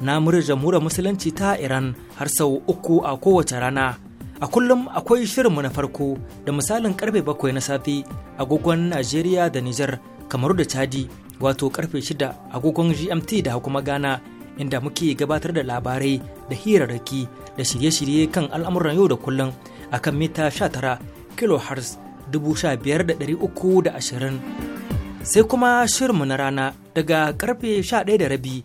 na murin jamhuriyar musulunci ta Iran har sau uku a kowace rana. A kullum akwai shirinmu na farko da misalin karfe bakwai na safe agogon Najeriya da Nijar kamaru da Chadi wato karfe shida agogon GMT da kuma Ghana inda muke gabatar da labarai da hirarraki da shirye-shirye kan al'amuran yau da kullum a kan mita sha tara dubu da uku da ashirin, sai kuma shirinmu na rana daga karfe ɗaya da rabi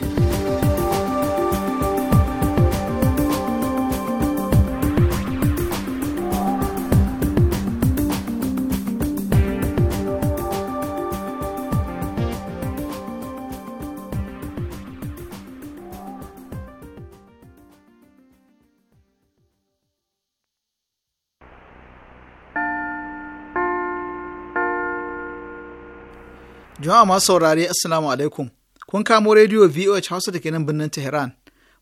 Jama'a masu saurare Assalamu alaikum. Kun kamo rediyo VOH Hausa da ke nan birnin Tehran.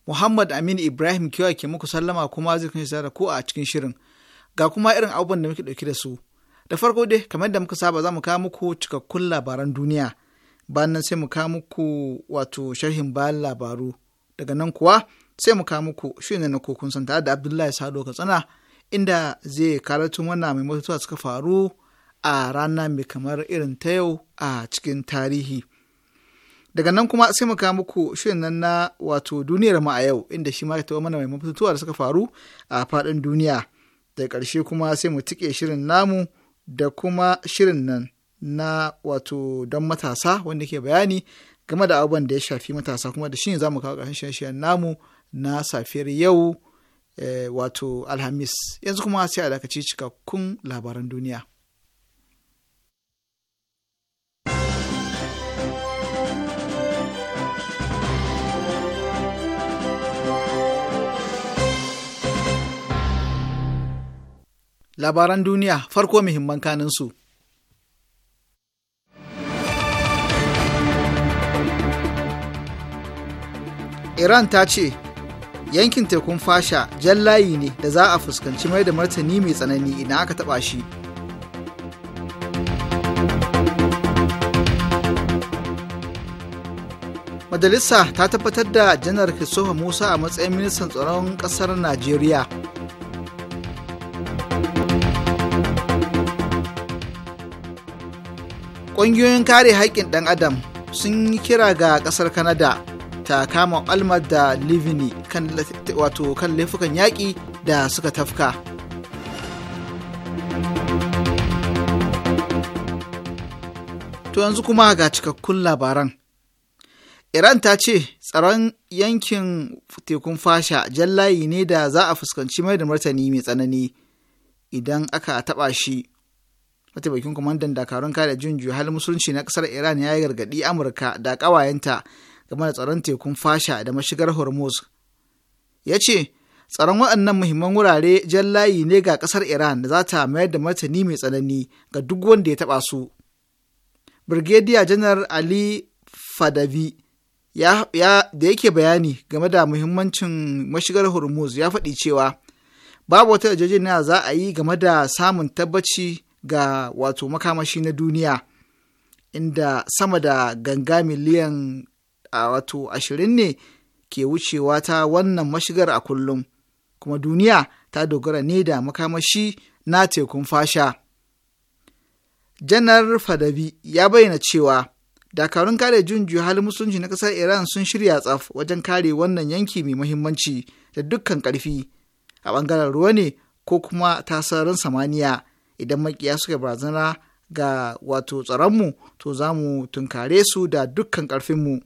Muhammad Aminu Ibrahim Kiyawa ke muku sallama kuma zai kun da ku a cikin shirin. Ga kuma irin abubuwan da muke ɗauki da su. Da farko dai kamar da muka saba za mu kawo muku cikakkun labaran duniya. Bayan nan sai mu kawo muku wato sharhin bayan labaru. Daga nan kuwa sai mu kawo muku shirin na kokun santa da Abdullahi Sado Katsina inda zai karatu mana mai mutuwa suka faru a rana mai kamar irin ta yau a cikin tarihi. Daga nan kuma sai muka muku shirin nan na wato duniyar mu a yau inda shi ma ya taɓa mana mai mafituwa da suka faru a faɗin duniya. Da ƙarshe kuma sai mu tike shirin namu da kuma shirin nan na wato don matasa wanda ke bayani game da abubuwan da ya shafi matasa kuma da shi ne za mu kawo ƙarshen shirin namu na safiyar yau eh, wato alhamis yanzu kuma sai a dakaci cikakkun labaran duniya. labaran duniya farko muhimman kaninsu. Iran ta ce yankin tekun fasha jan layi ne da za a fuskanci mai da martani mai tsanani idan aka taɓa shi. Majalisa ta tabbatar da janar Kisofa Musa a matsayin ministan tsaron ƙasar Najeriya. ƙungiyoyin kare haƙƙin ɗan adam sun yi kira ga ƙasar Kanada ta kama almar da livini kan wato kan laifukan yaƙi da suka tafka to yanzu kuma ga cikakkun labaran iran ta ce tsaron yankin tekun fasha jan layi ne da za a fuskanci mai da martani mai tsanani idan aka taɓa shi mataimakin kwamandan dakarun kare junju halin musulunci na kasar iran ya yi gargaɗi amurka da kawayenta game da tsaron tekun fasha da mashigar hormuz ya ce tsaron waɗannan muhimman wurare jan layi ne ga kasar iran da za ta mayar da martani mai tsanani ga duk wanda ya taɓa su Brigadier janar ali fadavi ya, da yake bayani game da muhimmancin mashigar hormuz ya faɗi cewa babu wata yarjejeniya za a yi game da samun tabbaci ga wato makamashi na duniya inda sama da ganga miliyan a wato ashirin ne ke wucewa ta wannan mashigar a kullum kuma duniya ta dogara ne da makamashi na tekun fasha janar fadabi ya bayyana cewa dakarun kare junju halin musulunci na ƙasar iran sun shirya tsaf wajen kare wannan yanki mai muhimmanci da dukkan ƙarfi a ɓangaren ruwa ne ko kuma tasarin samaniya idan makiya suka barazana ga wato tsaronmu to za mu tunkare su da dukkan ƙarfinmu.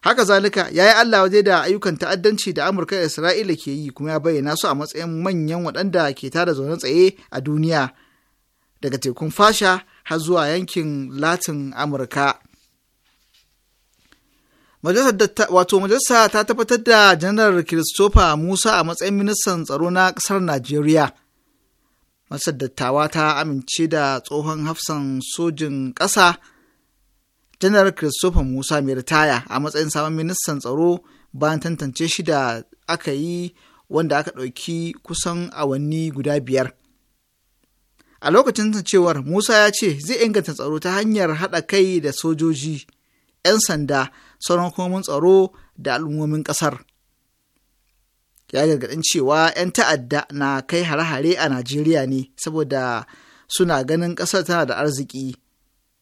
Haka zalika ya yi Allah waje da ayyukan ta'addanci da Amurka da Isra'ila ke yi kuma ya bayyana su a matsayin manyan waɗanda ke tada zaune tsaye a duniya daga tekun fasha har zuwa yankin Latin Amurka. wato majalisa ta tabbatar da janar Christopher Musa a matsayin ministan tsaro na ƙasar Najeriya. Masar dattawa ta amince da tsohon hafsan sojin ƙasa janar Christopher Musa mai ritaya a matsayin sabon ministan tsaro bayan tantance shi da aka yi wanda aka ɗauki kusan awanni guda biyar. A lokacin cewar Musa ya ce zai inganta tsaro ta hanyar haɗa kai da sojoji, ‘yan sanda, sauran komin tsaro da al'ummomin ƙasar. ya gargaɗin cewa 'yan ta'adda na kai hare-hare a Najeriya ne saboda suna ganin ƙasar tana da arziki.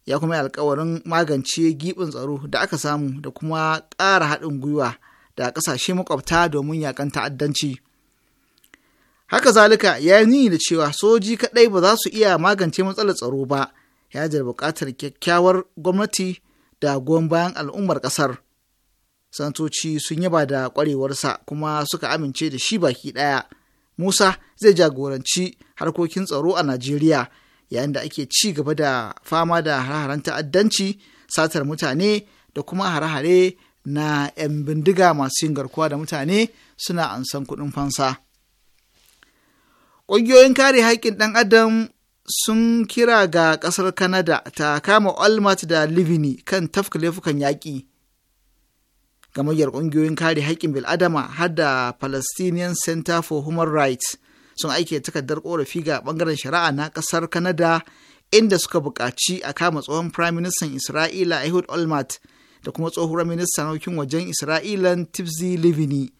Ya kuma yi alkawarin magance giɓin tsaro da aka samu da kuma ƙara haɗin gwiwa da ƙasashe makwabta domin yaƙan ta'addanci. Haka zalika ya yi da cewa soji kaɗai ba za su iya magance matsalar tsaro ba, ya buƙatar kyakkyawar gwamnati da goyon bayan al'ummar ƙasar. sanatoci sun yaba da ƙwarewarsa kuma suka amince da shi baki ɗaya musa zai jagoranci harkokin tsaro a najeriya yayin da ake ci gaba da fama da hare ta'addanci satar mutane da kuma hare-hare na 'yan bindiga masu yin garkuwa da mutane suna ansan kuɗin fansa ƙungiyoyin kare haƙƙin ɗan adam sun kira ga ƙasar Kanada ta kama Olmert da Livini kan tafka laifukan yaƙi gamayyar ƙungiyoyin kare haƙƙin bil'adama har da palestinian center for human rights sun aike takardar ƙorafi ga ɓangaren shari'a na ƙasar kanada inda suka buƙaci a kama tsohon prime minister isra'ila ehud olmert da kuma tsohuwar ministan harkokin wajen isra'ilan tipsy livini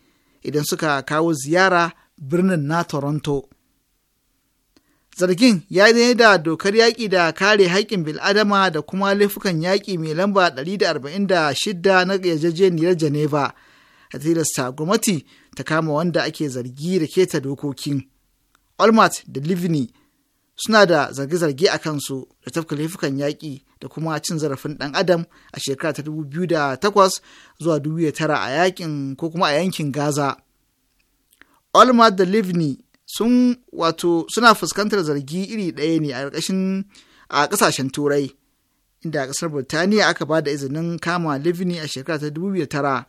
idan suka kawo ziyara birnin na toronto zargin ya yi da dokar yaƙi da kare haƙƙin bil'adama da kuma laifukan yaƙi mai lamba 146 na yarjejeniyar geneva a tilasta gwamnati ta kama wanda ake zargi da keta dokokin olmert da livni suna da zarge-zarge a kansu da tafka laifukan yaƙi da kuma cin zarafin ɗan adam a shekara ta 2008 zuwa 2009 a yaƙin ko kuma a yankin gaza olmert da livni sun wato suna fuskantar zargi iri ɗaya ne a ƙarƙashin a ƙasashen turai inda a ƙasar burtaniya aka ba da izinin kama livni a shekara ta 2009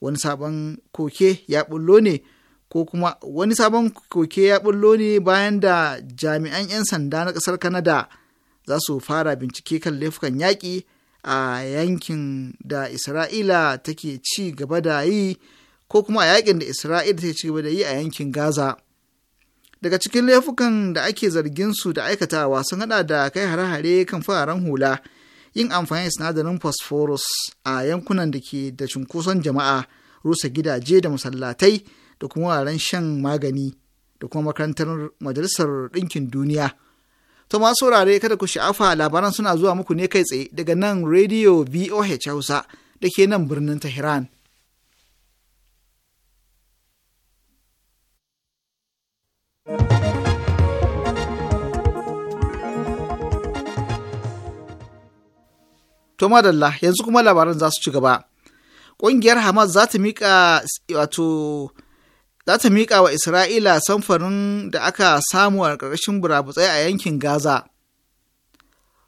wani sabon koke ya bullo ne ko kuma wani sabon koke ya bullo ne bayan da jami'an 'yan sanda na ƙasar kanada za su fara bincike kan laifukan yaƙi a yankin da isra'ila take ci gaba da yi ko kuma a yaƙin da isra'ila take ci gaba da yi a yankin gaza daga cikin laifukan da ake zargin su da aikatawa sun hada da kai hare-hare kan fararen hula yin amfani da sinadarin phosphorus a yankunan da ke da cunkoson jama'a rusa gidaje da masallatai da kuma wuraren shan magani da kuma makarantar majalisar ɗinkin duniya to masu saurare kada ku sha'afa labaran suna zuwa muku ne kai tsaye daga nan radio voh hausa da ke nan birnin tehran To madalla yanzu kuma labaran za su ci gaba. Ƙungiyar Hamas za ta miƙa wato za ta mika wa Isra'ila samfarin da aka samu a ƙarƙashin burabutsai a yankin Gaza.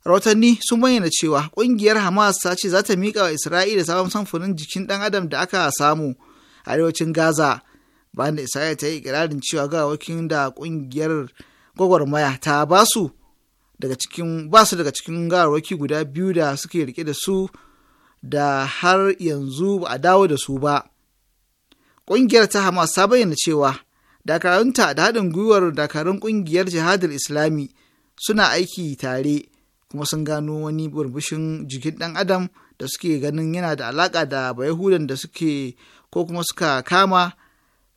Rahotanni sun bayyana cewa ƙungiyar Hamas ta ce za ta miƙa wa Isra'ila sabon samfurin jikin ɗan adam da aka samu a arewacin Gaza bayan da Isra'ila ta yi ikirarin cewa ga wakilin da ƙungiyar gwagwarmaya ta basu daga cikin ba su daga cikin gawarwaki guda biyu da suke rike da su da har yanzu ba a dawo da su ba ƙungiyar ta hamas ta bayyana cewa dakarunta da haɗin gwiwar dakarun ƙungiyar jihadar islami suna aiki tare kuma sun gano wani burbushin jikin ɗan adam da suke ganin yana da alaƙa da bayahudan da suke ko kuma suka kama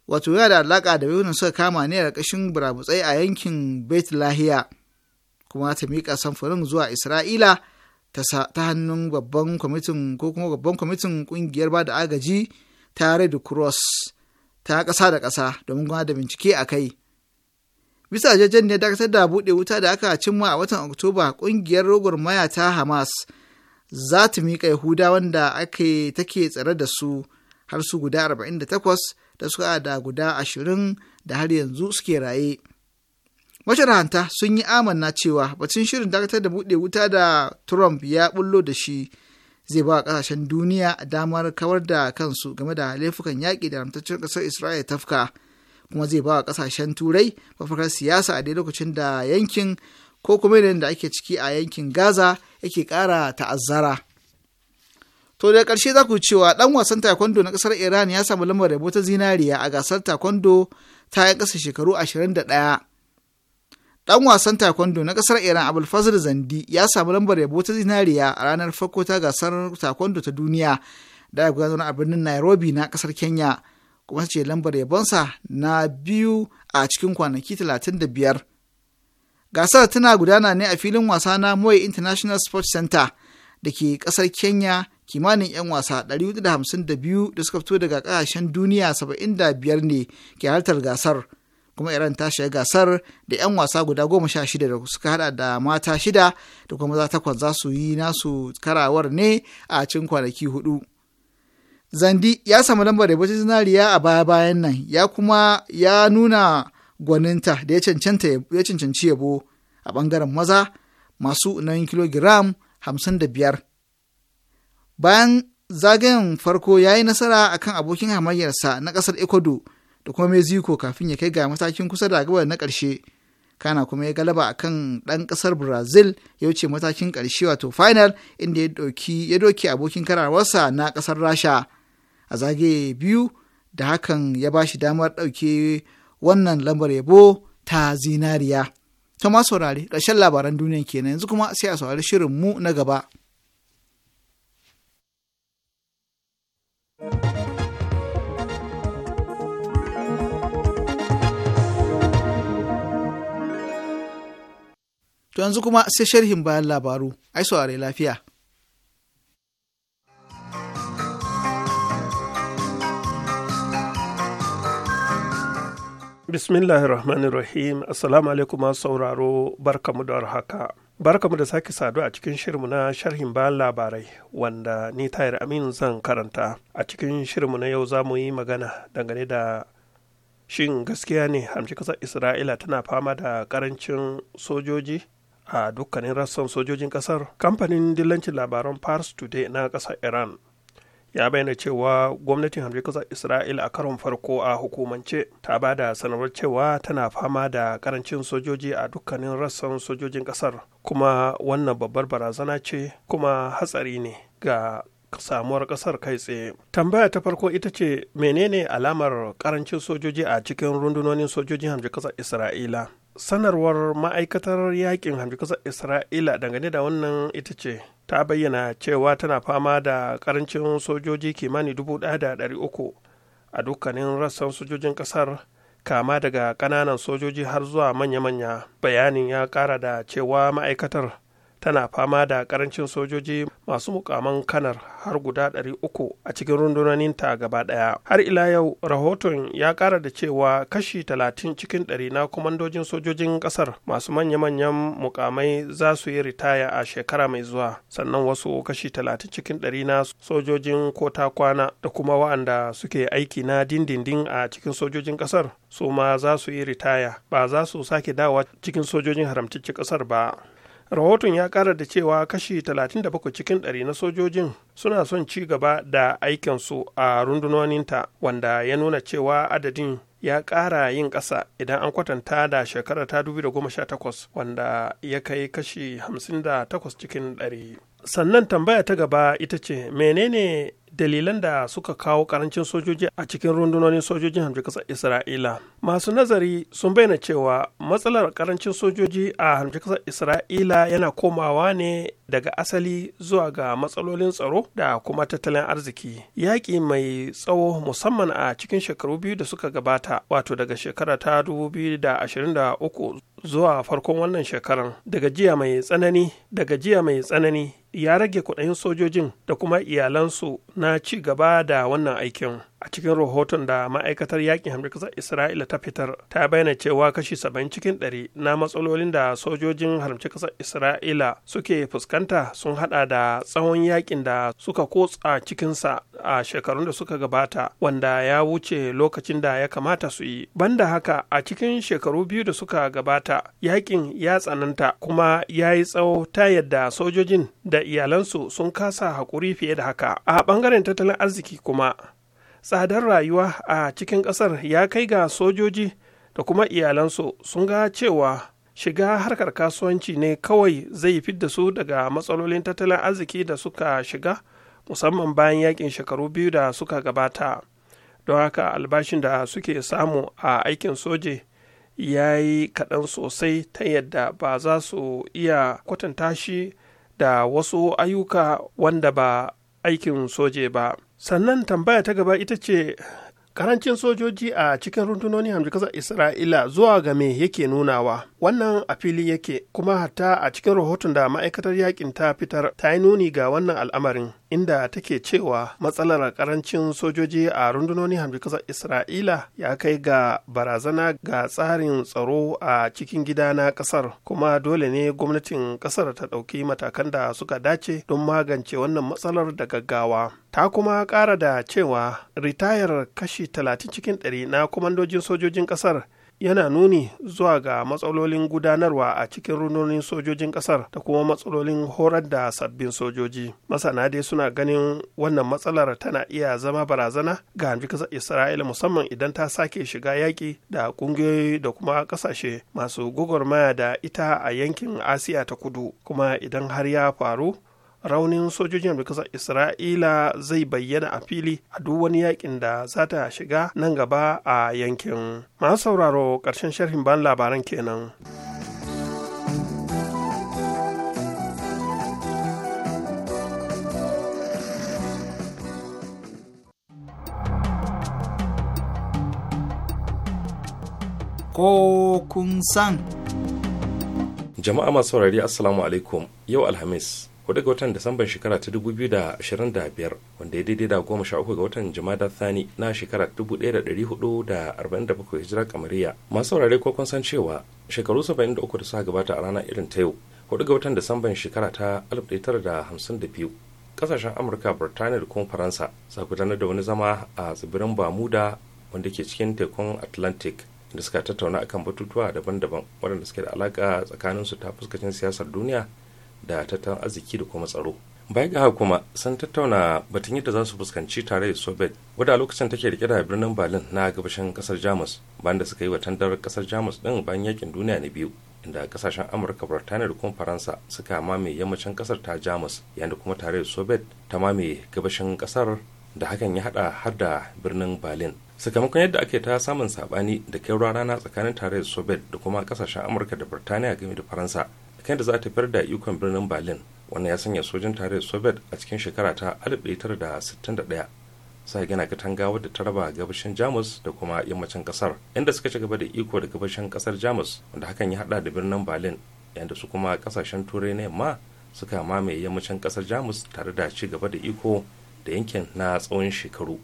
wato yana da alaƙa da bayahudan suka kama ne a ƙarƙashin burabutsai a yankin bet lahiya kuma ta miƙa samfurin zuwa isra'ila ta hannun babban kwamitin ko kuma babban kwamitin ƙungiyar ba da agaji ta red cross ta ƙasa da ƙasa domin gwamnati da bincike a kai bisa jajen ne dakatar da buɗe wuta da aka cimma a watan oktoba ƙungiyar rogor maya ta hamas za ta miƙa yahuda wanda ake take tsare da su har su guda 48 da suka da guda 20 da har yanzu suke raye. masharanta sun yi amanna cewa batun shirin dakatar da buɗe wuta da trump ya bullo da shi zai ba kasashen duniya damar kawar da kansu game da laifukan yaƙi da ramtaccen ƙasar isra'ila tafka kuma zai ba kasashen turai mafakar siyasa a dai lokacin da yankin ko kuma yanayin da ake ciki a yankin gaza yake ƙara ta'azzara to da ƙarshe za ku cewa ɗan wasan taekwondo na ƙasar iran ya samu lambar rabo zinariya a gasar taekwondo ta 'yan ƙasa shekaru ashirin da 21 Ɗan wasan Takwando na ƙasar Iran Abulfazl Zandi ya samu lambar yabo ta zinariya a ranar farko ta gasar taekwondo ta duniya da ya gudanar a birnin Nairobi na kasar Kenya kuma ce lambar yabonsa na biyu a cikin kwanaki 35. Gasar tana gudana ne a filin wasa na Moi International Sports Center da ke ƙasar Kenya kimanin 'yan wasa 452 da suka fito daga kasashen duniya 75 ne ke halartar gasar. kuma iran ta shiga gasar da 'yan wasa guda goma sha shida da suka hada da mata shida da kuma maza takwas za su yi nasu karawar ne a cin kwanaki hudu zandi ya samu lambar da bacin zinariya a baya bayan nan ya kuma ya nuna gwaninta da ya cancanci yabo a bangaren maza masu nan kilogiram hamsin da biyar bayan zagayen farko ya yi nasara akan abokin hamayyarsa na ƙasar ecuador da kuma ziko kafin ya kai ga matakin kusa da gabar na ƙarshe. Kana kuma ya galaba a kan ɗan ƙasar Brazil ya wuce matakin ƙarshe wato final inda ya doki abokin karawarsa na ƙasar Rasha a zagaye biyu da hakan ya ba shi damar ɗauke wannan lambar yabo ta zinariya. tama saurari ƙarshen labaran duniya kenan yanzu kuma sai a saurari shirin mu na gaba. To yanzu kuma sai sharhin bayan labaru, ai saurare lafiya. Bismillahirrahmanirrahim, Assalamu alaikum sauraro barkamu da haka. Barkamu da sake saduwa a cikin shirinmu na sharhin bayan labarai wanda ni tayar amin zan karanta. A cikin shirinmu na yau za mu yi magana dangane da shin gaskiya ne hamshi ƙasar isra'ila tana fama da karancin sojoji a dukkanin rassan sojojin kasar kamfanin dillancin labaran pars today na kasar iran ya bayyana cewa gwamnatin hamshe kasar isra'ila a karon farko a hukumance ta ba da sanarwar cewa tana fama da karancin sojoji a dukkanin rassan sojojin kasar kuma wannan babbar barazana ce kuma hatsari ne ga samuwar kasar kai tsaye tambaya ta farko ita ce menene alamar karancin sojoji a cikin rundunonin sojojin hamshe kasar isra'ila sanarwar ma'aikatar yakin hamjikasar isra'ila dangane da wannan ita ce ta bayyana cewa tana fama da karancin sojoji kimanin dubu da uku a dukkanin rassan sojojin ƙasar kama daga ƙananan sojoji har zuwa manya-manya bayanin ya kara da cewa ma'aikatar tana fama da karancin sojoji masu mukaman kanar har guda 300 a cikin rundunoninta gaba daya har ila yau rahoton ya kara da cewa kashi 30 cikin 100 na kwamandojin sojojin kasar masu manya-manyan mukamai za su yi ritaya a shekara mai zuwa sannan wasu kashi 30 cikin 100 na sojojin kota kwana da kuma wa'anda suke aiki na dindindin a cikin sojojin kasar su ma za su yi ritaya ba za su sake dawa cikin sojojin haramtacci kasar ba rahoton ya kara da cewa kashi 37 cikin 100 na sojojin suna son ci gaba da aikinsu a rundunoninta wanda ya nuna cewa adadin ya kara yin kasa idan an kwatanta da shekarar ta 2018 wanda ya kai kashi 58 cikin 100 sannan tambaya ta gaba ita ce menene dalilan da suka kawo karancin sojoji a cikin rundunonin sojojin hamshin kasar isra'ila masu nazari sun bayyana cewa matsalar karancin sojoji a hamshin kasar isra'ila yana komawa ne daga asali zuwa ga matsalolin tsaro da kuma tattalin arziki yaƙi mai tsawo musamman a cikin shekaru biyu da suka gabata wato daga shekara ta 2023 zuwa farkon wannan shekaran daga jiya mai tsanani daga jiya mai tsanani ya rage kudin sojojin da kuma iyalansu na ci gaba da wannan aikin a cikin rahoton da ma'aikatar yakin hamdar kasar isra'ila ta fitar ta bayyana cewa kashi 70 cikin 100 na matsalolin da sojojin haramci kasar isra'ila suke fuskanta sun hada da tsawon yakin da suka kotsa cikinsa a shekarun da suka gabata wanda ya wuce lokacin da ya kamata su yi banda haka a cikin shekaru biyu da suka gabata yakin ya tsananta kuma ya yi tsawo ta yadda sojojin da iyalansu sun kasa haƙuri fiye da haka a ɓangaren tattalin arziki kuma tsadar rayuwa a cikin ƙasar ya kai ga sojoji da kuma iyalansu sun ga cewa shiga harkar kasuwanci ne kawai zai fidda su daga matsalolin tattalin arziki da suka shiga musamman bayan yakin shekaru biyu da suka gabata don haka albashin da suke samu a aikin soje ya yi kaɗan sosai ta yadda ba za su iya kwatanta shi da wasu ayyuka wanda ba aikin soje ba sannan tambaya ta gaba ita ce karancin sojoji a cikin rundunoni kasar isra'ila zuwa ga me yake nunawa wannan a fili yake kuma hatta a cikin rahoton da ma'aikatar yakin ta fitar ta yi nuni ga wannan al'amarin inda take cewa matsalar karancin sojoji a rundunonin hamji kasar isra'ila ya kai ga barazana ga tsarin tsaro a cikin gida na kasar kuma dole ne gwamnatin kasar ta ɗauki matakan da suka dace don magance wannan matsalar da gaggawa ta kuma ƙara da cewa ritayar kashi 30 cikin 100 na kwamandojin sojojin kasar yana nuni zuwa ga matsalolin gudanarwa a cikin rundunonin sojojin kasar da kuma matsalolin horar da sabbin sojoji masana dai suna ganin wannan matsalar tana iya zama barazana ga hamji kasar isra'ila musamman idan ta sake shiga yaƙi da ƙungiyoyi da kuma ƙasashe masu gwagwarmaya da ita a yankin asiya ta kudu kuma idan har ya faru raunin sojojin da kasar isra'ila zai bayyana a fili a duk wani yakin da za ta shiga nan gaba a yankin masu sauraro ƙarshen sharhin ban labaran kenan. ko kun san. Jama'a masu saurari Assalamu alaikum yau Alhamis hudu ga watan disamban shekara ta 2025 wanda ya daidai da goma sha uku ga watan jumada thani na shekara 1447 hijira kamariya masu saurare ko kun san cewa shekaru 73 da suka gabata a rana irin ta yau hudu ga watan disamban shekara ta 1952 kasashen amurka burtaniya da kuma faransa sa gudanar da wani zama a tsibirin bamuda wanda ke cikin tekun atlantic da suka tattauna akan batutuwa daban-daban waɗanda suke da alaƙa tsakaninsu ta fuskacin siyasar duniya da tattalin arziki da kuma tsaro baya ga haka kuma sun tattauna batun yadda za su fuskanci tare da soviet wadda a lokacin take rike da birnin berlin na gabashin kasar jamus bayan da suka yi wa tandar kasar jamus din bayan yakin duniya na biyu inda kasashen amurka birtaniya da kuma faransa suka mame yammacin kasar ta jamus yanda kuma tare da soviet ta mame gabashin kasar da hakan ya hada har da birnin berlin sakamakon yadda ake ta samun sabani da kai rana tsakanin tare da soviet da kuma kasashen amurka da birtaniya game da faransa kan da za ta fiyar da ikon birnin berlin wannan ya sanya sojin tare tarayyar soviet a cikin shekara ta 1961 sa gina katanga wadda ta raba gabashin jamus da kuma yammacin kasar inda suka ci gaba da iko da gabashin kasar jamus wanda hakan ya hada da birnin berlin yadda su kuma kasashen turai na yamma suka mamaye yammacin kasar jamus tare da ci gaba da iko da yankin na tsawon shekaru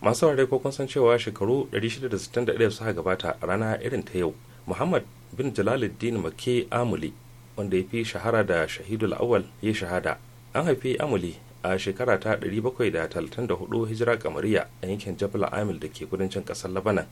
masu ware ko kun san cewa shekaru 661 suka gabata a rana irin ta yau muhammad bin jalaluddin make amuli wanda ya fi shahara da shahidul awal ya shahada an haifi amuli a shekara ta 734 hijira kamariya a yankin jabal amil da ke kudancin kasar labanan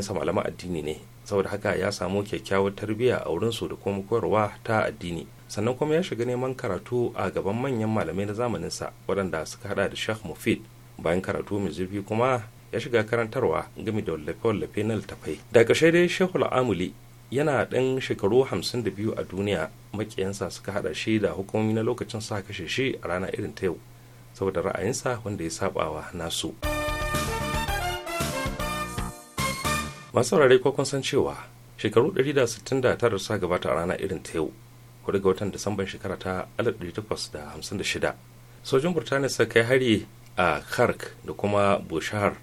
sa malamai addini ne saboda haka ya samu kyakkyawar tarbiyya a wurin su da kuma koyarwa ta addini sannan kuma ya shiga neman karatu a gaban manyan malamai na zamaninsa waɗanda suka haɗa da shah mufid bayan karatu mai zurfi kuma ya shiga karantarwa game da wallafe-wallafe na littattafai. da ƙarshe dai shehul amuli yana ɗan shekaru 52 a duniya makiyansa suka haɗa shi da hukumomi na lokacin sa kashe shi a rana irin ta yau saboda ra'ayinsa wanda ya sabawa nasu masu rarai ko kun san cewa shekaru 169 sa gabata a rana irin ta yau kudu ga watan disamban shekara ta 1856 sojin burtaniya suka kai hari a kark da kuma bushahar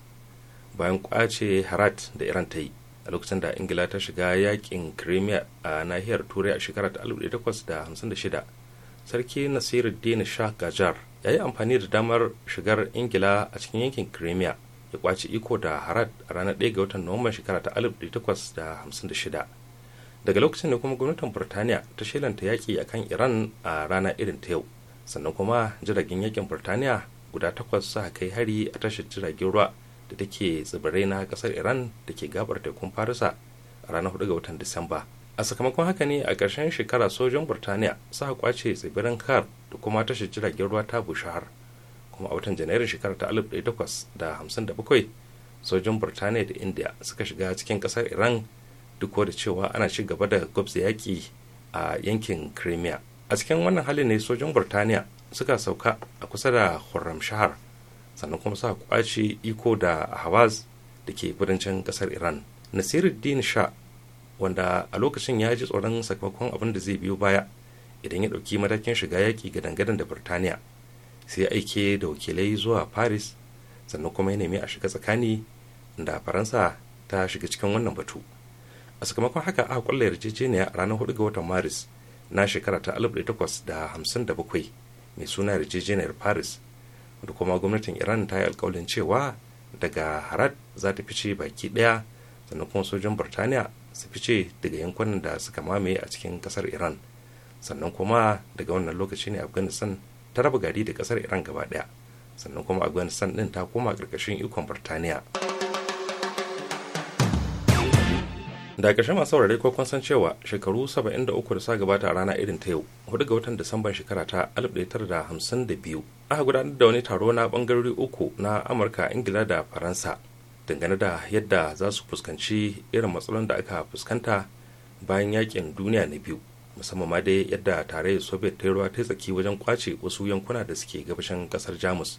bayan kwace harat da iran ta yi a lokacin da ingila ta shiga yakin crimea a nahiyar turai a shekarar 1856 sarki nasiru nasiruddin shah gajar ya yi amfani da damar shigar ingila a cikin yankin crimea ya kwaci iko da harad a ranar 1 ga watan nuwamban shekara ta 1856 daga lokacin da kuma gwamnatin burtaniya ta shelanta yaki a kan iran a rana irin ta yau sannan kuma jiragen yakin burtaniya guda takwas suka kai hari a tashar jiragen ruwa da take tsibirai na kasar iran da ke gabar tekun farisa a ranar 4 ga watan disamba a sakamakon haka ne a ƙarshen shekara sojan burtaniya suka kwace tsibirin kar da kuma tashar jiragen ruwa ta bushahar kuma a watan janairun shekara ta 1857 sojan burtaniya da india suka shiga cikin kasar iran duk da cewa ana ci gaba da gwabza yaƙi a yankin crimea a cikin wannan halin ne sojan burtaniya suka sauka a kusa da khurram shahar sannan kuma sa kwace iko da hawaz da ke kudancin kasar iran nasiruddin sha wanda a lokacin ya ji tsoron sakamakon abin da zai biyo baya idan ya ɗauki matakin shiga yaƙi ga dangadan da birtaniya sai aike da wakilai zuwa paris sannan kuma ya nemi a shiga tsakani da faransa ta shiga cikin wannan batu a sakamakon haka aka kwallo yarjejeniya a ranar 4 ga watan maris na shekara ta 1857 mai suna yarjejeniyar paris da kuma gwamnatin iran ta yi alkawalin cewa daga harad za ta fice baki daya sannan kuma sojin burtaniya su fice daga yankunan da suka mamaye a cikin kasar iran sannan kuma daga wannan lokaci ne afghanistan ta raba gari da kasar iran gaba daya sannan kuma afghanistan din ta koma ƙarƙashin ikon burtaniya. da ƙarshe masu saurare ko kun san cewa shekaru 73 da sa gabata a rana irin ta yau hudu ga watan disamban shekara ta 1952 aka gudanar da wani taro na bangarori uku na amurka ingila da faransa dangane da yadda za su fuskanci irin matsalolin da aka fuskanta bayan yakin duniya na biyu musamman ma dai yadda tarayyar soviet ta yi ruwa ta tsaki wajen kwace wasu yankuna da suke gabashin kasar jamus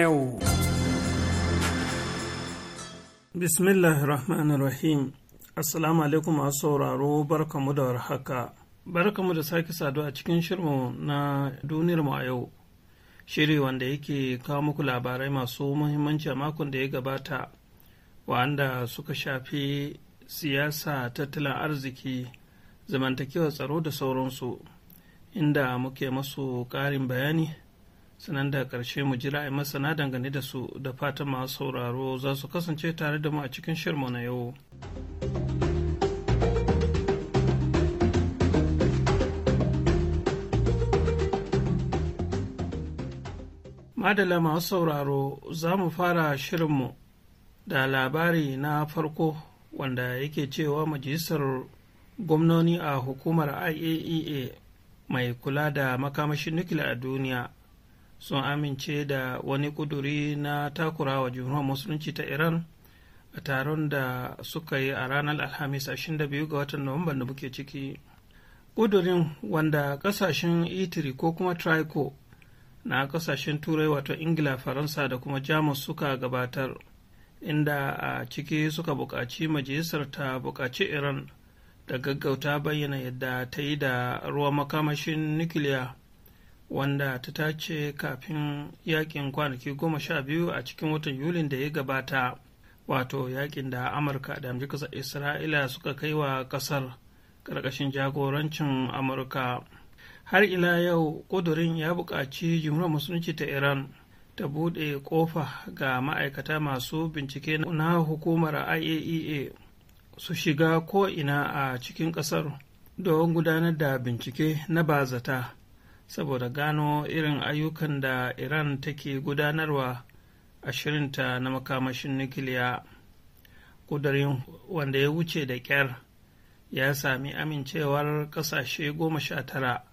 yau. Bismillahir Rahmanir Rahim. Assalamu alaikum masu sauraro barkamu da warhaka. Barkamu da sake saduwa a cikin shirmu na duniyar mu a yau. Shiri wanda yake kawo muku labarai masu muhimmanci a makon da ya gabata, wanda suka shafi siyasa, tattalin arziki, zamantakewar tsaro da sauransu, inda muke masu ƙarin bayani. Sananda da ƙarshe mu jira a masana dangane da su da fatan masu sauraro za su kasance tare da mu a cikin shirmu na yau. Madala masu sauraro za mu fara shirinmu da labari na farko wanda yake cewa majalisar gwamnoni a hukumar IAEA e mai kula da makamashin nukila a duniya sun amince da wani kuduri na takurawa jumhuriyar musulunci ta iran a taron da suka yi a ranar alhamis 22 ga watan nuwamban da muke ciki kudurin wanda kasashen itiri ko kuma trico na kasashen turai wato ingila faransa da kuma jamus suka gabatar inda a ciki suka buƙaci majalisar ta buƙaci iran da gaggauta bayyana yadda ta yi da ruwan makamashin nukiliya wanda ta tace kafin yakin kwanaki goma sha biyu a cikin watan yulin da ya gabata wato yakin da amurka da amurka isra'ila suka kai wa kasar ƙarƙashin jagorancin amurka har ila yau ƙudurin ya buƙaci jimhuriyar musulunci ta iran ta buɗe ƙofa ga ma'aikata masu bincike na hukumar iaea e su shiga ko ina a cikin ƙasar don gudanar da bincike na bazata saboda gano irin ayyukan da iran take gudanarwa a shirinta na makamashin nukiliya ƙudurin wanda ya wuce da ƙyar ya sami amincewar ƙasashe goma sha tara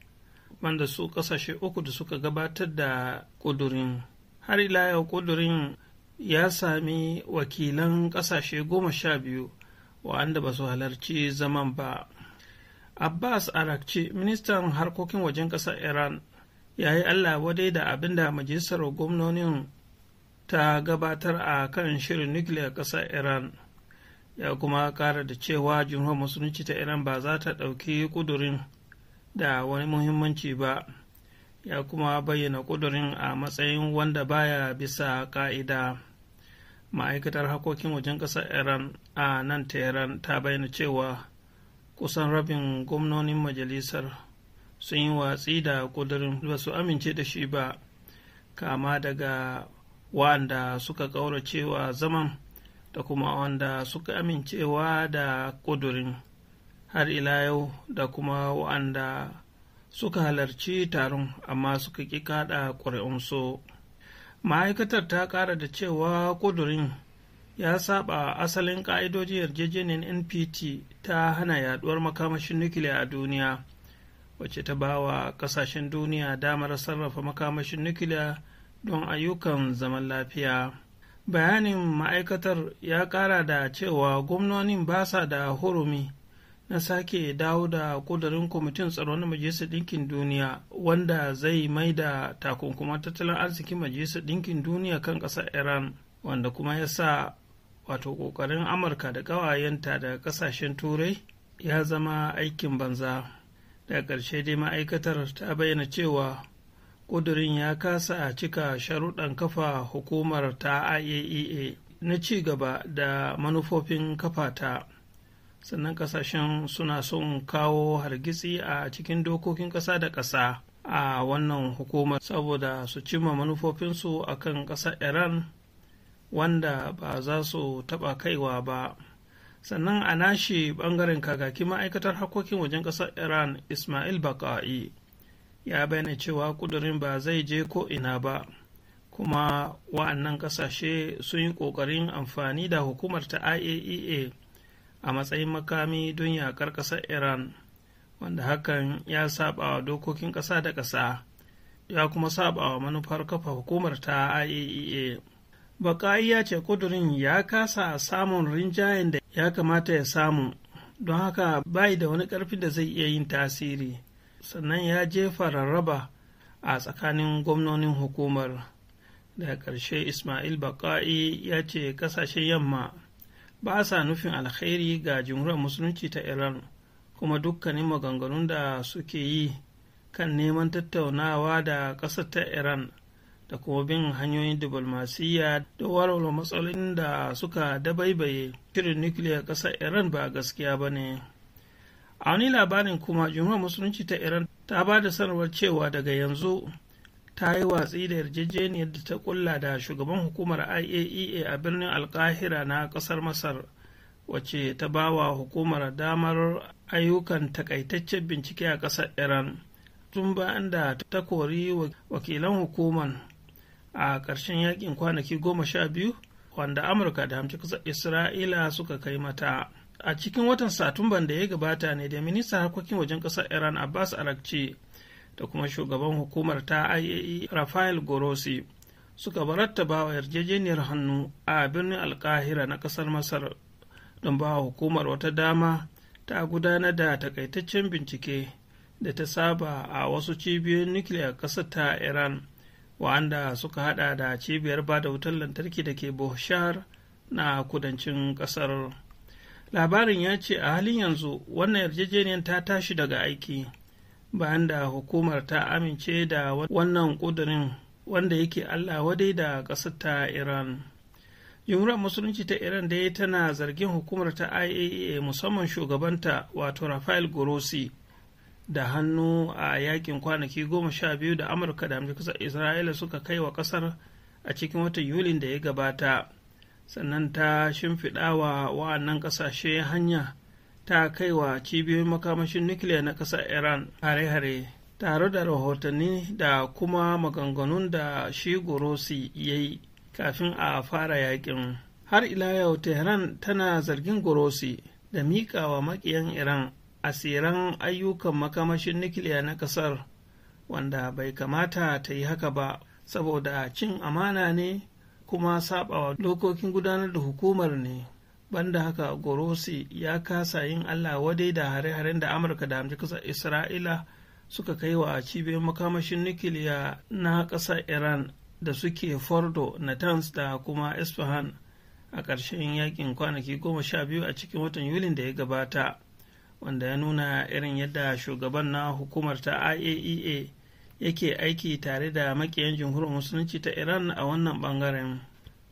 wanda su ƙasashe uku da suka gabatar da ƙudurin har ila yau ƙudurin ya sami wakilan ƙasashe goma sha biyu wa'anda ba su halarci zaman ba abbas arakci ministan harkokin wajen ƙasar iran ya yi allah wadai da abin da majalisar gwamnonin ta gabatar a kan shirin nukiliyar ƙasar iran ya kuma ƙara da cewa jumhuriyar musulunci ta iran ba za ta ɗauki ƙudurin da wani muhimmanci ba ya kuma bayyana ƙudurin a matsayin wanda baya bisa ƙa'ida ma'aikatar harkokin wajen ƙasar iran a nan tehran ta bayyana cewa kusan rabin gwamnonin majalisar sun yi watsi da kudurin ba su amince da shi ba kama daga wanda suka ƙauracewa zaman da kuma wanda suka amincewa da kudurin har ila yau da kuma wa'anda suka halarci taron amma suka ƙi kaɗa ƙuri'unsu ma'aikatar ta ƙara da cewa kudurin ya saba asalin ƙa'idojin yarjejeniyar npt ta hana yaduwar makamashin nukiliya a duniya wacce ta ba wa ƙasashen duniya damar sarrafa makamashin nukiliya don ayyukan zaman lafiya bayanin ma'aikatar ya ƙara da cewa gwamnonin ba sa da hurumi na sake dawo da kudurin kwamitin tsaro na majalisar ɗinkin duniya wanda zai mai da takunkuman tattalin arzikin majalisar ɗinkin duniya kan ƙasar iran wanda kuma ya sa wato ƙoƙarin amurka da ƙawayenta da ƙasashen turai ya zama aikin banza daga ƙarshe dai ma'aikatar ta bayyana cewa ƙudurin ya kasa cika sharuɗan kafa hukumar ta iaea e na cigaba da manufofin kafa ta sannan ƙasashen suna son kawo hargitsi a cikin dokokin ƙasa da ƙasa a wannan hukumar saboda su cimma manufofinsu akan ƙasa iran wanda ba za su taɓa kaiwa ba sannan a nashi ɓangaren kakaki ma'aikatar harkokin wajen ƙasar iran ismail baka'i ya bayyana cewa ƙudurin ba zai je ko ina ba kuma wa'annan ƙasashe sun yi ƙoƙarin amfani da hukumar ta iaea e a matsayin makami don yaƙar ƙasar iran wanda hakan ya saba wa dokokin ƙasa da ƙasa ya kuma saba wa manufar kafa hukumar ta iaea e Baƙa'i ya ce ƙudurin ya kasa samun rinjayen da ya kamata ya samu, don haka bai da wani ƙarfi da zai iya yin tasiri, sannan ya jefa rarraba a tsakanin gwamnonin hukumar. Da ƙarshe Ismail baka'i ya ce ƙasashen yamma ba sa nufin alkhairi ga jimhuriyar musulunci ta Iran, kuma dukkanin maganganun da suke yi kan neman tattaunawa da ƙasar ta Iran. da kuma bin hanyoyin diplomasiyya da warware matsalolin da suka dabaibaye shirin nukiliyar ƙasar iran ba gaskiya ba ne a wani labarin kuma jumhuriyar musulunci ta iran ta ba da sanarwar cewa daga yanzu ta yi watsi da yarjejeniyar da ta kulla da shugaban hukumar iaea e a birnin alkahira na ƙasar masar wacce ta ba wa hukumar damar ayyukan takaitaccen bincike a ƙasar iran tun bayan da ta kori wakilan hukumar a ƙarshen yakin kwanaki goma sha biyu wanda amurka da hamci kusa isra'ila suka kai mata a cikin watan satumban da ya gabata ne da ministan harkokin wajen ƙasar iran abbas arakci da kuma shugaban hukumar ta iae rafael gorosi suka ba wa yarjejeniyar hannu a birnin alkahira na ƙasar masar don ba hukumar wata dama ta gudanar da takaitaccen bincike da ta saba a wasu cibiyoyin nukiliyar ƙasar ta iran wa'anda suka hada da cibiyar ba da wutar lantarki da ke bohshar na kudancin kasar labarin ya ce a halin yanzu wannan yarjejeniyar ta tashi daga aiki bayan da hukumar ta amince da wannan kudurin wanda yake allah wadai da ƙasar ta iran jumhuriyar musulunci ta iran dai tana zargin hukumar ta iaea e musamman shugabanta wato rafael grossi da hannu a yakin kwanaki goma sha biyu da amurka da amurka isra'ila suka kai wa kasar a cikin watan yulin da ya gabata sannan ta shimfiɗa wa wa'annan ƙasashe hanya ta kai wa cibiyoyin makamashin nukiliya na ƙasar iran hare-hare tare da rahotanni da kuma maganganun da shi gorosi ya yi kafin a fara yakin har ila yau tehran tana zargin gorosi da miƙawa wa maƙiyan iran asiran ayyukan makamashin nukiliya na ƙasar wanda bai kamata ta yi haka ba saboda cin amana ne kuma sabawa dokokin gudanar da hukumar ne banda haka gorosi ya kasa yin allah wadai da hare-haren da amurka da hamji kasar isra'ila suka kai wa cibiyar makamashin nukiliya na ƙasar iran da suke fordo natanz da kuma isfahan a ƙarshen yakin kwanaki goma sha biyu a cikin watan yulin da ya gabata wanda ya nuna irin yadda shugaban na hukumar ta iaea e yake aiki tare da makiyan jamhuriyar musulunci ta iran a wannan bangaren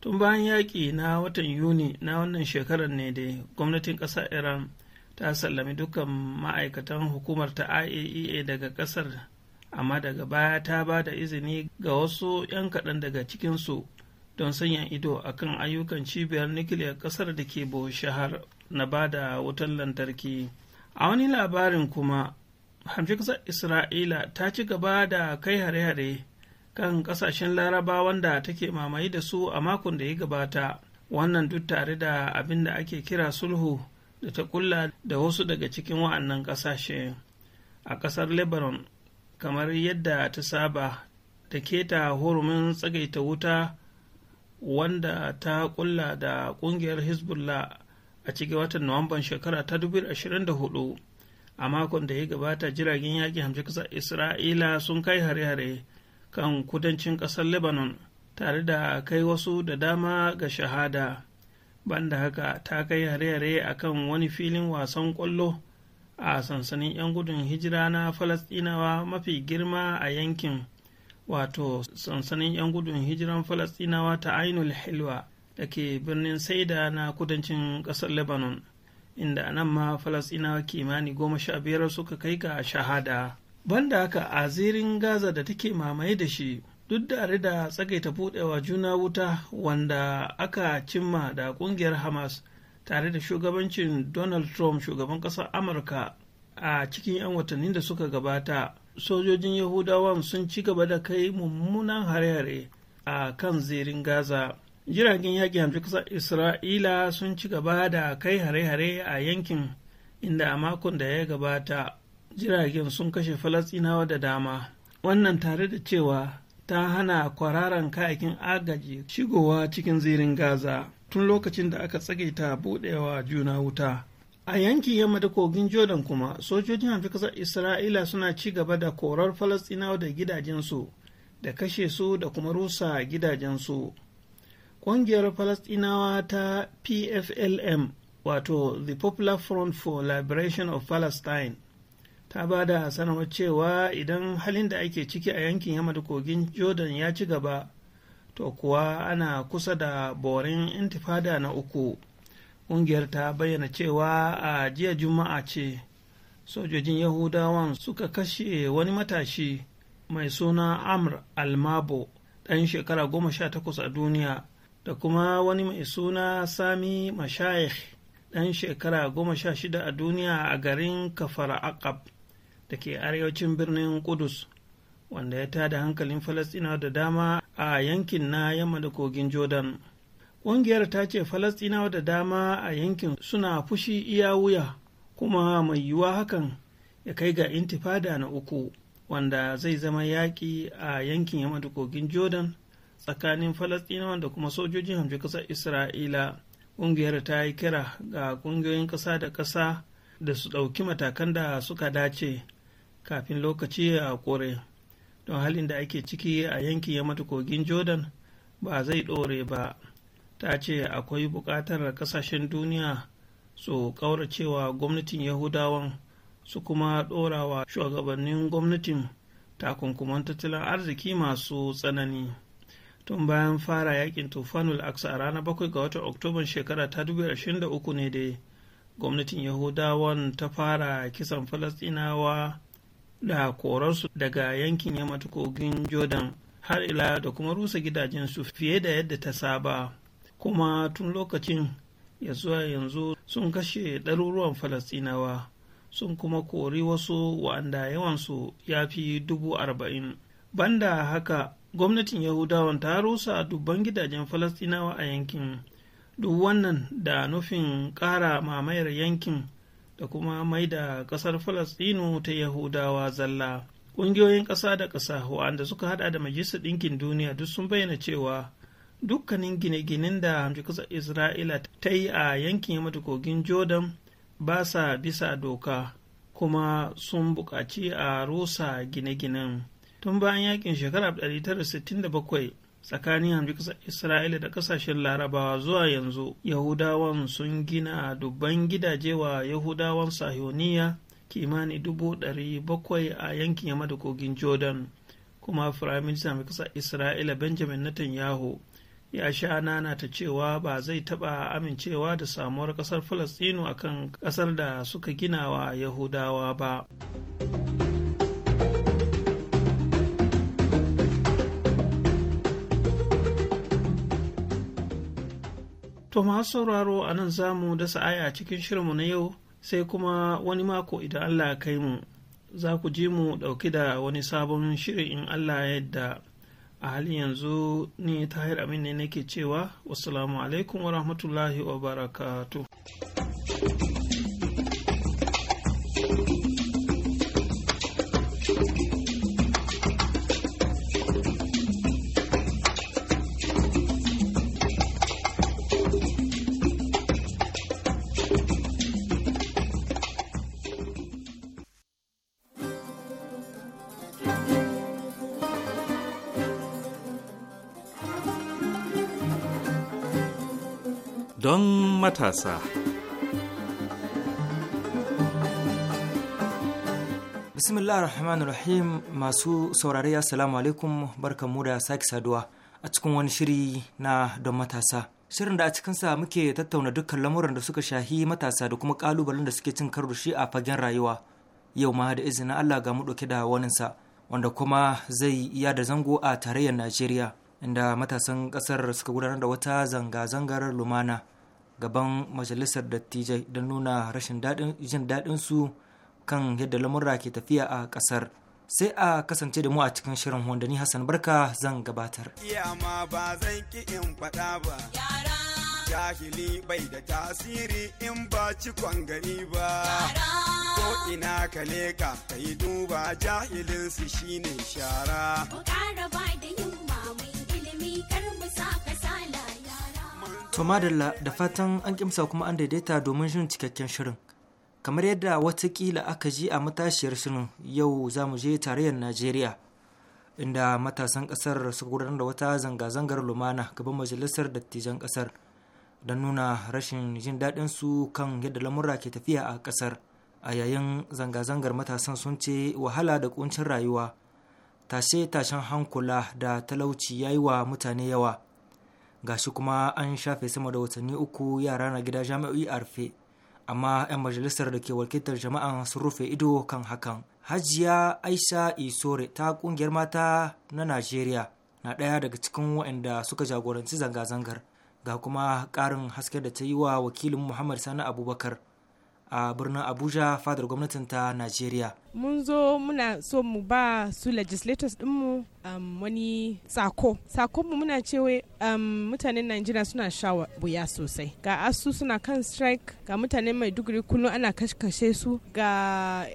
tun bayan yaƙi na watan yuni na wannan shekarar ne dai gwamnatin ƙasar iran ta sallami dukkan ma'aikatan hukumar ta iaea e daga ƙasar amma daga baya ta ba da izini ga wasu 'yan kaɗan daga cikinsu don sanya ido a kan ayyukan cibiyar nukiliyar ƙasar da ke shahar na ba da wutan lantarki a wani labarin kuma hamshin ƙasar isra'ila ta ci gaba da kai hare-hare kan ƙasashen laraba wanda take mamaye da su a makon da ya gabata wannan duk tare da abin da ake kira sulhu da ta kulla da wasu daga cikin wa'annan ƙasashe a ƙasar lebanon kamar yadda ta saba da keta hurumin tsagaita wuta wanda ta kulla da ƙungiyar hezbollah a cikin watan nuwamban shekara ta 2024 a makon da ya gabata jiragen yaƙi hamshe kasa isra'ila sun kai hare-hare kan kudancin ƙasar lebanon tare da kai wasu da dama ga shahada banda haka ta kai hare-hare a kan wani filin wasan kwallo a sansanin 'yan gudun hijira na falastinawa mafi girma a yankin wato sansanin 'yan gudun hijiran falastinawa ta ainul hilwa da ke birnin saida na kudancin ƙasar lebanon inda a nan ma falasɗinawa kimani goma sha biyar suka kai ga shahada banda haka a zirin gaza da take mamaye da shi duk da da tsagaita buɗewa juna wuta wanda aka cimma da ƙungiyar hamas tare da shugabancin donald trump shugaban ƙasar amurka a cikin 'yan watannin da suka gabata sojojin yahudawan sun ci gaba da kai mummunan hare-hare a kan zirin gaza jiragen yaƙi hamsin kusa isra'ila sun ci gaba da kai hare-hare a yankin inda a makon da ya gabata jiragen sun kashe falastinawa da dama wannan tare da cewa ta hana kwararan kayakin agaji shigowa cikin zirin gaza tun lokacin da aka tsage ta buɗewa juna wuta a yankin yamma da kogin jordan kuma sojojin hamsin kasar isra'ila suna ci gaba da korar falastinawa da gidajensu da kashe su da kuma rusa gidajensu ƙungiyar falastinawa ta pflm wato the popular front for liberation of palestine ta ba da sanarwar cewa idan halin da ake ciki a yankin yamma da kogin jordan ya ci gaba to kuwa ana kusa da borin intifada na uku ƙungiyar ta bayyana cewa a jiya juma'a ce sojojin yahudawan suka kashe wani matashi mai suna amr almabo ɗan shekara goma sha takwas a duniya da kuma wani mai suna sami mashayikh ɗan shekara goma sha shida a duniya a garin kafar aqab da ke arewacin birnin kudus wanda ya tada hankalin falastinawa da dama a yankin na yamma da kogin jordan ƙungiyar ta ce falastinawa da dama a yankin suna fushi iya wuya kuma mai yiwuwa hakan ya kai ga intifada na uku wanda zai zama yaƙi a yankin yamma da kogin jordan tsakanin Falasɗinawa, da kuma sojojin hamshe ƙasar isra'ila ƙungiyar ta yi kira ga ƙungiyoyin ƙasa da ƙasa da su ɗauki matakan da suka dace kafin lokaci a kore don halin da ake ciki a yankin yamata kogin jordan ba zai ɗore ba ta ce akwai buƙatar ƙasashen duniya su ƙauracewa gwamnatin yahudawan su kuma ɗorawa shugabannin gwamnatin takunkuman tattalin arziki masu tsanani. tun bayan fara yakin tufanul aksa a ranar bakwai ga watan oktoban shekara ta uku ne dai gwamnatin yahudawan ta fara kisan falastinawa da korarsu daga yankin yammata kogin jordan har ila da kuma rusa gidajensu fiye da yadda ta saba kuma tun lokacin ya zuwa yanzu sun kashe ɗaruruwan falastinawa sun kuma kori wasu wa'anda yawansu ya fi dubu arba'in banda haka gwamnatin Yahudawa ta rusa dubban gidajen falastinawa a yankin duk wannan da nufin ƙara mamayar yankin da kuma mai da ƙasar falastinu ta yahudawa zalla ƙungiyoyin ƙasa da ƙasa wa'anda suka hada da majalisar ɗinkin duniya duk sun bayyana cewa dukkanin gine-ginen da hamshikasar isra'ila ta yi a yankin yamata kogin jordan ba sa bisa doka kuma sun buƙaci a rusa gine-ginen tun bayan yakin shekarar 1967 tsakanin hamji isra'ila da kasashen larabawa zuwa yanzu yahudawan sun gina dubban gidaje wa yahudawan sahioniya kimani dubu ɗari a yankin yamma da kogin jordan kuma firaminista mai kasa isra'ila benjamin netanyahu ya sha nana ta cewa ba zai taɓa amincewa da samuwar ƙasar falastinu akan kasar da suka gina wa yahudawa ba. To masu sauraro a nan za mu dasa aya cikin shirinmu na yau sai kuma wani mako idan Allah ya kai mu za ku ji mu ɗauki da wani sabon shirin in Allah yadda a halin yanzu ni tahir amin ne nake cewa wasu alaikum wa rahmatullahi wa barakatuh. matasa. Bismillah rahman rahim masu saurari assalamu alaikum barkanmu da sake saduwa a cikin wani shiri na don matasa. Shirin da a cikinsa muke tattauna dukkan lamuran da suka shahi matasa da kuma kalubalen da suke cin karo shi a fagen rayuwa. Yau ma da izinin Allah ga mu ɗauke da waninsa wanda kuma zai iya da zango a tarayyar Najeriya. inda matasan ƙasar suka gudanar da wata zanga-zangar lumana gaban majalisar dattijai don nuna rashin jin daɗin su kan yadda lamurra ke tafiya a ƙasar sai a kasance da mu a cikin shirin wanda hassan barka zan gabatar iyama ba zan ki in faɗa ba jahili bai da tasiri in ba ci gani ba ko ina ka leka ka yi duba jahilin su shine shara ba da yin mamun ilimi kar mu sa To madalla da fatan an kimsa kuma an daidaita domin shirin cikakken shirin. Kamar yadda watakila aka ji a matashiyar shirin yau za mu je tarayyar Najeriya. Inda matasan ƙasar suka gudanar da wata zanga-zangar lumana gaban majalisar dattijan ƙasar don nuna rashin jin daɗin su kan yadda lamurra ke tafiya a ƙasar. A yayin zanga-zangar matasan sun ce wahala da ƙuncin rayuwa tashe-tashen hankula da talauci yayi wa mutane yawa gashi kuma an shafe sama da watanni uku yara na gida jami'o'i a rufe amma 'yan majalisar da ke wakiltar jama'a sun rufe ido kan hakan hajiya aisha isore ta kungiyar mata na najeriya na ɗaya daga cikin waɗanda suka jagoranci zanga-zangar ga kuma ƙarin haske da ta yi wa wakilin muhammad sani abubakar a birnin abuja fadar gwamnatin ta najeriya mun zo muna so mu ba su legislators dinmu um, wani sako sakonmu muna cewa um, mutanen najeriya suna sha buya sosai ga asu suna kan strike ga mutane maiduguri kullum ana kashe su ga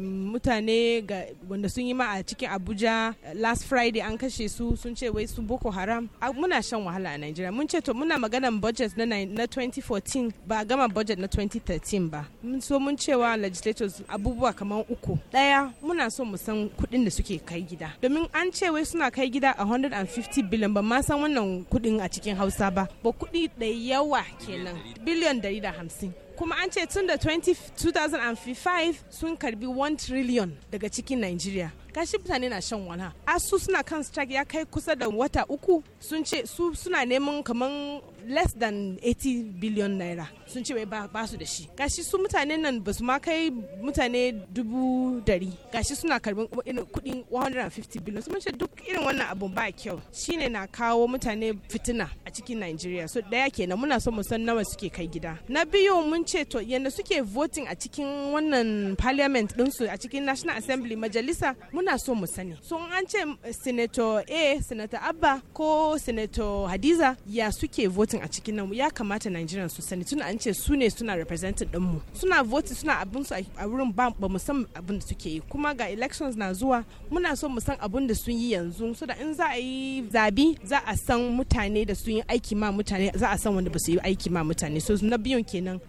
mutane wanda sun yi ma a cikin abuja last friday an kashe su sun ce wai su boko haram a, muna shan wahala a najeriya mun ce to muna maganan budget na, na 2014 ba gama budget na 2013 ba mun so mun cewa legislators abubuwa kamar uku daya muna so mu san kudin da suke kai gida domin an ce wai suna kai gida a 150 biliyan ba ma san wannan kudin a cikin hausa ba ba kudi da yawa kenan biliyan 150 kuma an ce tun da 2005 sun karbi 1 trillion daga cikin Nigeria gashi mutane na shan wani su suna kan strike ya kai kusa da wata uku sun ce su suna neman kaman less than 80 billion naira sun ce ba, ba su da shi gashi su mutane nan ba su ma kai mutane dubu dari gashi suna karbin kudin 150 billion sun ce duk irin wannan abu ba kyau shine na kawo mutane fitina a cikin nigeria so daya kenan muna so mu san nawa suke kai gida na biyu mun ce to yanda suke voting a cikin wannan parliament su a cikin National Assembly majalisa muna so mu sani so an ce eh, senator a senator abba ko senator hadiza ya suke voting a cikin nan ya kamata nigerians su sani tun an ce su ne suna representing dinmu suna voting suna abin su a wurin ba mu san abin da suke yi kuma ga elections na zuwa muna so mu san abin da sun yi yanzu so da in za a yi zabi za a san mutane da sun yi aiki ma mutane za a san wanda ba su yi aiki ma mutane so na biyun kenan.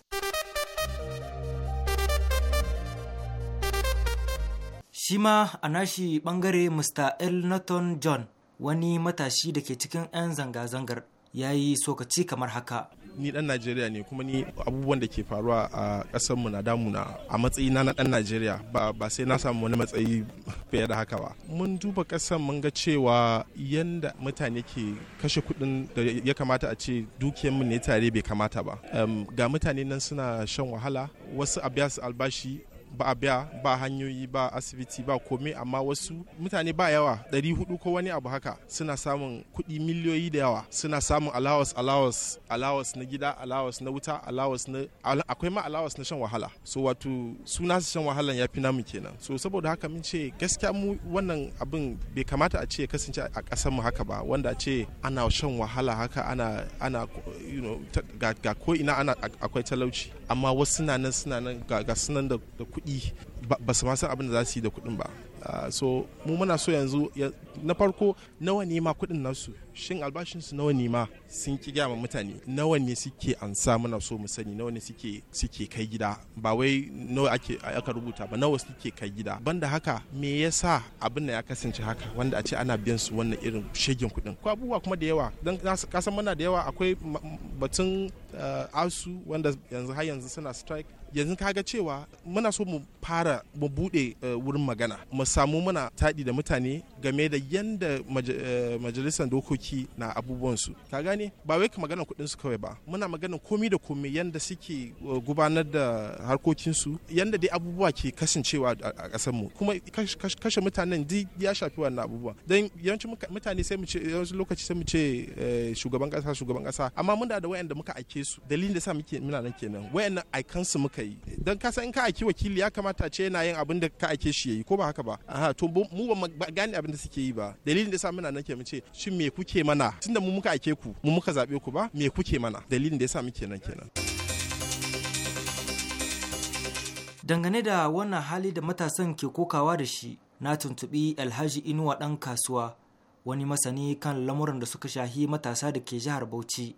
Shi ma a nashi bangare Mr. Elnaton John wani matashi da ke cikin 'yan zanga-zangar ya yi sokaci kamar haka. Ni dan Najeriya ne kuma ni abubuwan da ke faruwa a kasanmu na damuna a matsayi na dan Najeriya ba sai na samu wani matsayi fiye da haka ba. Mun duba kasan mun ga cewa yanda mutane ke kashe kudin da ya kamata a ce mu ne tare bai kamata ba. Ga mutane nan suna shan wahala wasu a biya su albashi ba a biya ba hanyoyi ba asibiti ba komai amma wasu mutane ba yawa ɗari hudu ko wani abu haka suna samun kuɗi miliyoyi da yawa suna samun alawas alawas alawas na gida alawas na wuta alawas na akwai ma alawas na shan wahala so wato suna su shan wahalan ya fi namu kenan so saboda haka mun ce gaskiya mu wannan abin bai kamata a ce kasance a ƙasar mu haka ba wanda ce ana shan wahala haka ana ana you know ga ko ina ana akwai talauci amma wasu na nan suna nan ga sunan da kuɗi ba su ma san abin da za su yi da kuɗin ba ah, so mu muna so yanzu na farko nawa ne ma kuɗin nasu shin albashinsu nawa ne ma sun ki gaya mutane nawa ne suke ansa muna so mu sani nawa ne suke suke kai gida ba wai nawa ake aka rubuta ba nawa suke kai gida banda haka me yasa abin da ya kasance haka wanda a ce ana biyan su wannan irin shegin kuɗin ko abubuwa kuma da yawa dan kasan muna da yawa akwai batun eh, asu wanda yanzu har yanzu suna strike yanzu kaga cewa muna so mu fara mu bude eh, wurin magana mu samu muna taɗi da mutane game da yanda eh, majalisar dokoki ciki na abubuwansu ka gane ba wai ka magana kudin su kawai ba muna magana komi da komi yanda suke uh, gudanar da harkokinsu yanda dai abubuwa ke kasancewa a kasar mu kuma kashe mutanen duk ya shafi wannan abubuwa dan yawancin mutane sai mu ce yawancin lokaci sai mu ce eh, shugaban kasa shugaban kasa amma muna da wayanda muka ake su dalilin da sa muke muna nan kenan wayannan aikan su muka yi dan ka san in ka aiki wakili ya kamata ce yana yin abin da ka aike shi yayi ko ba haka ba aha to mu ba gane abin da suke yi ba dalilin da sa muna nan ke mu ce shin me kuke kuke mana tunda mu muka aike ku mu muka zaɓe ku ba me kuke mana dalilin da yasa muke nan kenan dangane da wannan hali da matasan ke kokawa da shi na tuntubi alhaji inuwa ɗan kasuwa wani masani kan lamuran da suka shahi matasa da ke jihar bauchi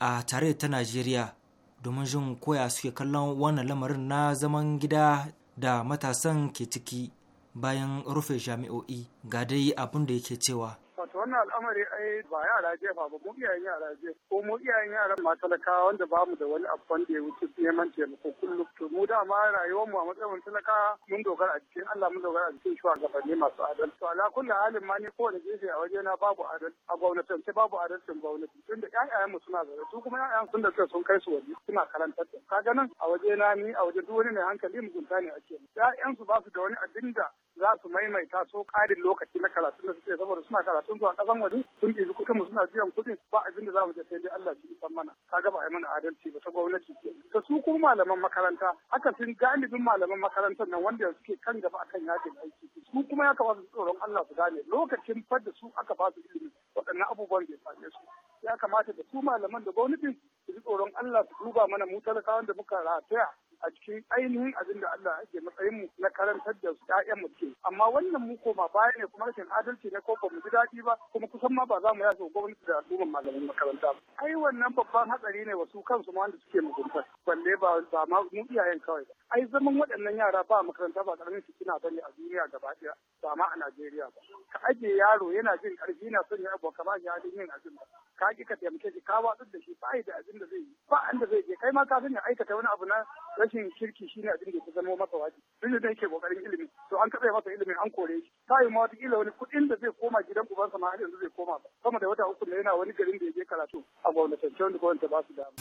a tare ta najeriya domin jin koya suke kallon wannan lamarin na zaman gida da matasan ke ciki bayan rufe jami'o'i ga dai abin da yake cewa wannan al'amari ai ba yara jefa ba mu iyayen yara jefa ko mu iyayen yara ma talakawa wanda ba mu da wani abban da ya wuce neman taimako kullum to mu dama rayuwar mu a matsayin talakawa mun dogara a cikin Allah mun dogara a cikin shugabanni masu adal. to ala kulli halin ma ni kowane jefe a waje na babu adal? a gwamnatin ce babu adalcin gwamnati tunda ƴaƴayen mu suna zaune su kuma ƴaƴan sun da sun kai su waje suna karantar da kaga nan a waje na ni a waje duk wani mai hankali mugunta ne ake ƴaƴan su ba su da wani abin za su maimaita so ƙarin lokaci na karatu da suke saboda suna karatun su zuwa kasan waje sun ɗibi kuɗin mu suna biyan kuɗin ba abin da za mu je sai dai Allah shi san mana ga ba a yi mana adalci ba ta gwamnati ta su kuma malaman makaranta haka sun galibin malaman makarantar nan wanda suke kan gaba akan yajin aiki su kuma ya kamata su tsoron Allah su gane lokacin da su aka ba su ilimi waɗannan abubuwan bai same su ya kamata da su malaman da gwamnatin su ji tsoron Allah su duba mana mu talakawan da muka rataya a cikin ainihin abin da Allah yake matsayin mu na karantar da ƴaƴan mu amma wannan mu koma baya ne kuma rashin adalci ne ko ba mu ji daɗi ba kuma kusan ma ba za mu yafe gwamnati da al'ummar malamin makaranta ba ai wannan babban hatsari ne wasu kansu ma wanda suke mugunta balle ba ba ma mu iyayen kawai ba ai zaman waɗannan yara ba makaranta ba ƙaramin su suna ne a duniya gaba ɗaya ba ma a Najeriya ba ka ajiye yaro yana jin ƙarfi na son ya abuwa kama ya yin abin ka ƙi ka taimake shi ka watsar da shi ba da abin da zai yi ba da zai je kai ma ka sani aikata wani abu na rashin kirki ne abin da ke zama masa waje. duk da yake kokarin ilimi to an katse masa ilimi an kore shi yi ma wataƙila wani kuɗin da zai koma gidan ubansa ma har yanzu zai koma ba sama da wata uku ne yana wani garin da ya je karatu a gwamnatance wanda gwamnati ba su dama.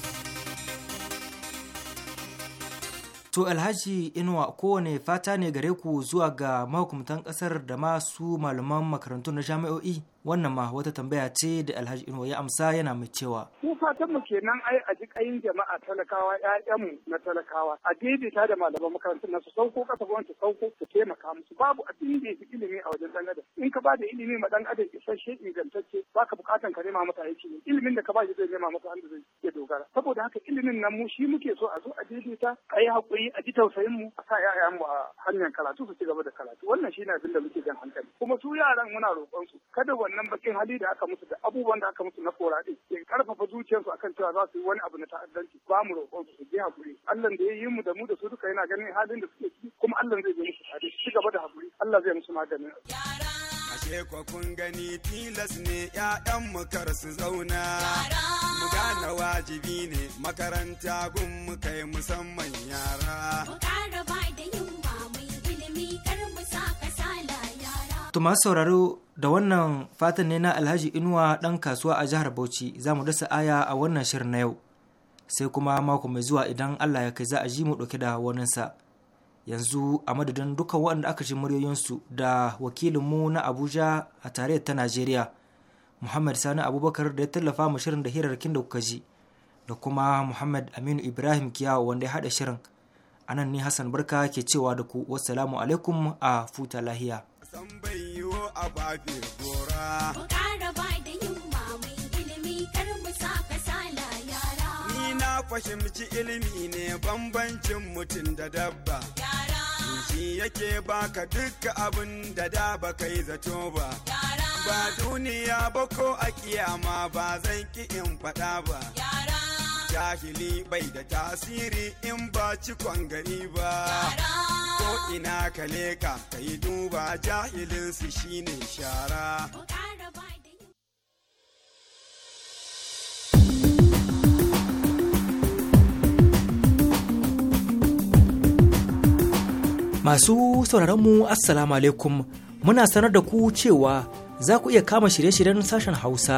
To Alhaji Inuwa kowane fata ne gare ku zuwa ga mahukumtan ƙasar da masu malaman makarantu na jami'o'i? wannan ma wata tambaya ce da alhaji inuwa ya amsa yana mai cewa mu fatan mu kenan ai a jikayin jama'a talakawa ƴaƴanmu na talakawa a ta da malaman makarantar nasu sauko kasa wancan sauko su taimaka musu babu abin da yake ilimi a wajen dan in ka ba da ilimi ma dan adam isasshe ingantacce Ba ka bukatan ka nema masa aiki ne ilimin da ka ba shi zai nema masa hannu zai ya dogara saboda haka ilimin nan mu shi muke so a zo a daidaita a yi haƙuri a ji tausayin mu a sa mu a hanyar karatu su ci gaba da karatu wannan shine abin da muke jan hankali kuma su yaran muna roƙon su kada wannan wannan bakin hali da aka musu da abubuwan da aka musu na koraɗe, ya karfafa zuciyarsu akan cewa za su yi wani abu na ta'addanci ba mu roƙon su je hakuri Allah da ya yi mu da mu da su duka yana ganin halin da suke ciki kuma Allah zai je musu tare ci gaba da hakuri Allah zai musu maganin Ashe ko kun gani tilas ne ƴaƴan mu kar su zauna mu gane wajibi ne makaranta gun mu kai musamman yara mu ƙara ba da yin ba mu ilimi kar mu sa Wato masu sauraro da wannan fatan ne na Alhaji Inuwa ɗan kasuwa a jihar Bauchi za mu dasa aya a wannan shirin na yau. Sai kuma mako mai zuwa idan Allah ya kai za a ji mu ɗauke da waninsa. Yanzu a madadin dukkan waɗanda aka ji muryoyinsu da wakilinmu na Abuja a tarayyar ta Najeriya. Muhammad Sani Abubakar da ya tallafa mu shirin da hirarkin da kuka ji. Da kuma Muhammad Aminu Ibrahim Kiyawa wanda ya haɗa shirin. anan ni Hassan Barka ke cewa da ku wassalamu alaikum a futa lahiya. san bai yiwo a babe gora. Ku ƙara ba da yunwa mai ilimi kar mu sa kasala yara. Ni na fahimci ilimi ne bambancin mutum da dabba. Yara. Shi yake baka dukka abin da da baka yi zato ba. Yara. Ba duniya ba ko a kiyama ba zan ki in faɗa ba. Yara. jahili bai da tasiri in ba cikon gani ba ko ina ka leka ka yi duba jahilinsu shine shara Masu sauraronmu Assalamu alaikum muna sanar da ku cewa za ku iya kama shirye-shiryen sashen Hausa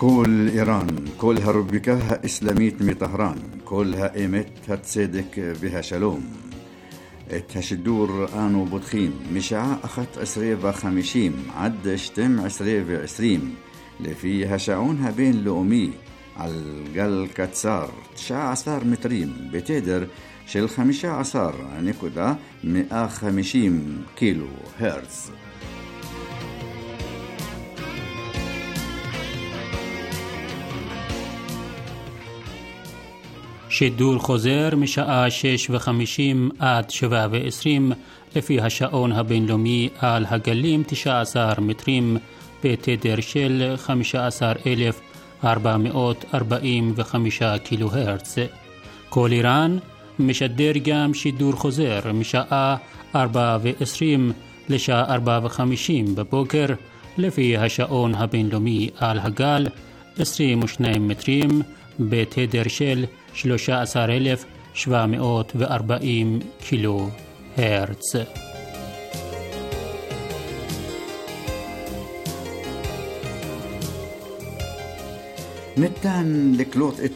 كل إيران كلها ربكها إسلاميت مي طهران كلها إيمت هتصدق بها شلوم الدور آنو بطخيم مشاع أخت عسرية وخمشيم عد شتم عسرية وعسريم لفي هشعونها بين لؤمي على كتسار تشاع عصار متريم بتدر عصار نكودا مئة خمشيم كيلو هرتز שידור חוזר משעה 6 עד 7 לפי השעון הבינלאומי על הגלים 19 מטרים בתדר של 15,445 קילו הרץ. כל איראן משדר גם שידור חוזר משעה 4 ו לשעה 4 בבוקר לפי השעון הבינלאומי על הגל 22 מטרים בתדר של 13,740 קילו הרץ. ניתן לקלוט את